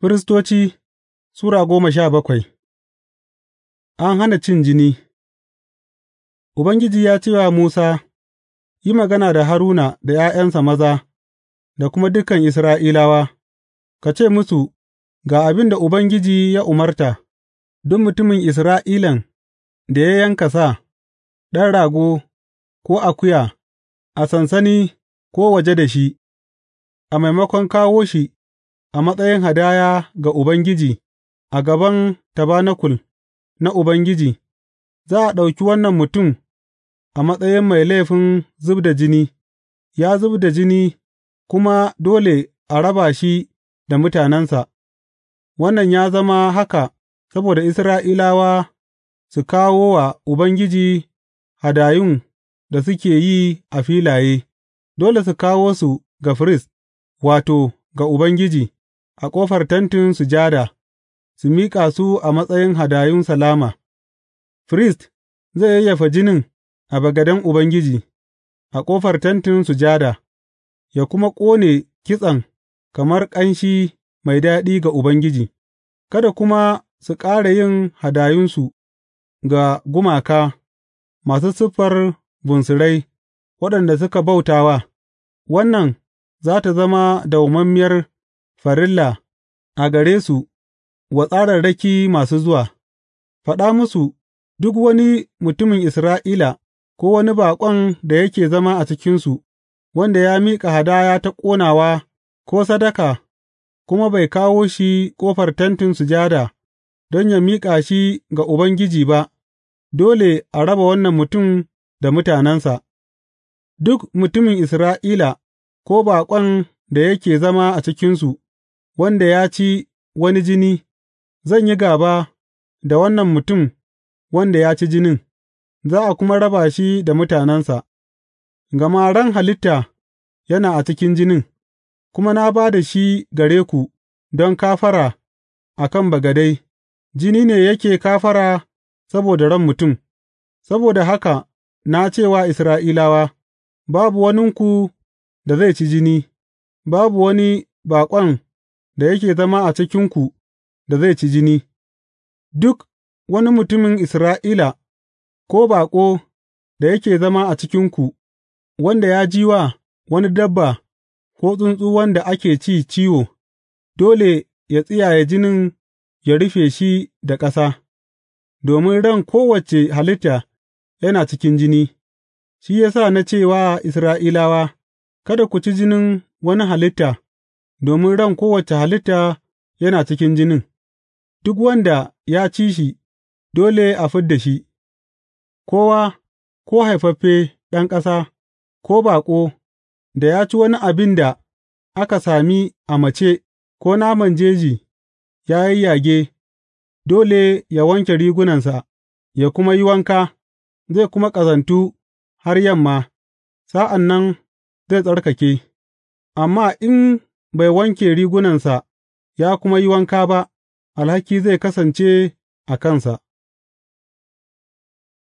Firistoci Sura goma sha bakwai An hana cin jini Ubangiji ya ce wa Musa, Yi magana da Haruna da ’ya'yansa maza da kuma dukan Isra'ilawa, ka ce musu, Ga abin da Ubangiji ya umarta, duk mutumin Isra'ilan da ya yanka sa, ɗan rago ko akuya a sansani ko waje da shi, a maimakon kawo shi a matsayin hadaya ga Ubangiji a gaban tabanakul na Ubangiji, za a ɗauki wannan mutum a matsayin mai laifin zub da jini, ya zub da jini kuma dole a raba shi da mutanensa, wannan ya zama haka saboda Isra'ilawa su kawo wa Ubangiji hadayun da suke yi a filaye, dole su kawo su ga firist, wato, ga Ubangiji. a ƙofar Tentin Sujada, su miƙa su a matsayin hadayun salama, firist zai yayyafa jinin a bagaden Ubangiji, a ƙofar Tentin Sujada, ya kuma ƙone kitsen kamar ƙanshi mai daɗi ga Ubangiji, kada kuma su ƙara yin hadayunsu ga gumaka masu siffar bunsurai waɗanda suka bautawa. wannan za tă zama dawwammamiyar farilla a gare su wa tsararraki masu zuwa, faɗa musu, Duk wani mutumin Isra'ila ko wani baƙon da yake zama a cikinsu, wanda ya miƙa hadaya ta ƙonawa ko sadaka, kuma bai kawo shi ƙofar Tentin Sujada don yă miƙa shi ga Ubangiji ba, dole a raba wannan mutum da mutanensa, duk mutumin Isra'ila ko baƙon da yake zama a cikinsu. wanda ya ci wani jini, zan yi gāba da wannan mutum wanda ya ci jinin, za a kuma raba shi da mutanensa, gama ran halitta yana a cikin jinin, kuma na ba da shi gare ku don kafara a kan bagadai, jini ne yake kafara saboda ran mutum, saboda haka na cewa Isra'ilawa, Babu waninku da zai ci jini, babu wani baƙon da yake zama a cikinku da zai ci jini, duk wani mutumin Isra'ila ko baƙo da yake zama a cikinku, wanda ya ji wa wani dabba ko tsuntsu wanda ake ci ciwo, dole ya tsiyaye jinin ya rufe shi da ƙasa, domin ran kowace halitta yana cikin jini, shi ya sa na ce wa Isra'ilawa, Kada ku ci jinin wani halitta. domin ran kowace halitta yana cikin jinin, duk wanda ya ci shi, dole a fid da shi, kowa, ko haifaffe ɗan ƙasa, ko baƙo, da ya ci wani abin da aka sami a mace, ko naman jeji ya yayyage, dole ya wanke rigunansa, ya kuma yi wanka, zai kuma ƙazantu har yamma, sa'an nan zai tsarkake, amma in bai wanke rigunansa ya kuma yi wanka ba, alhaki zai kasance a kansa.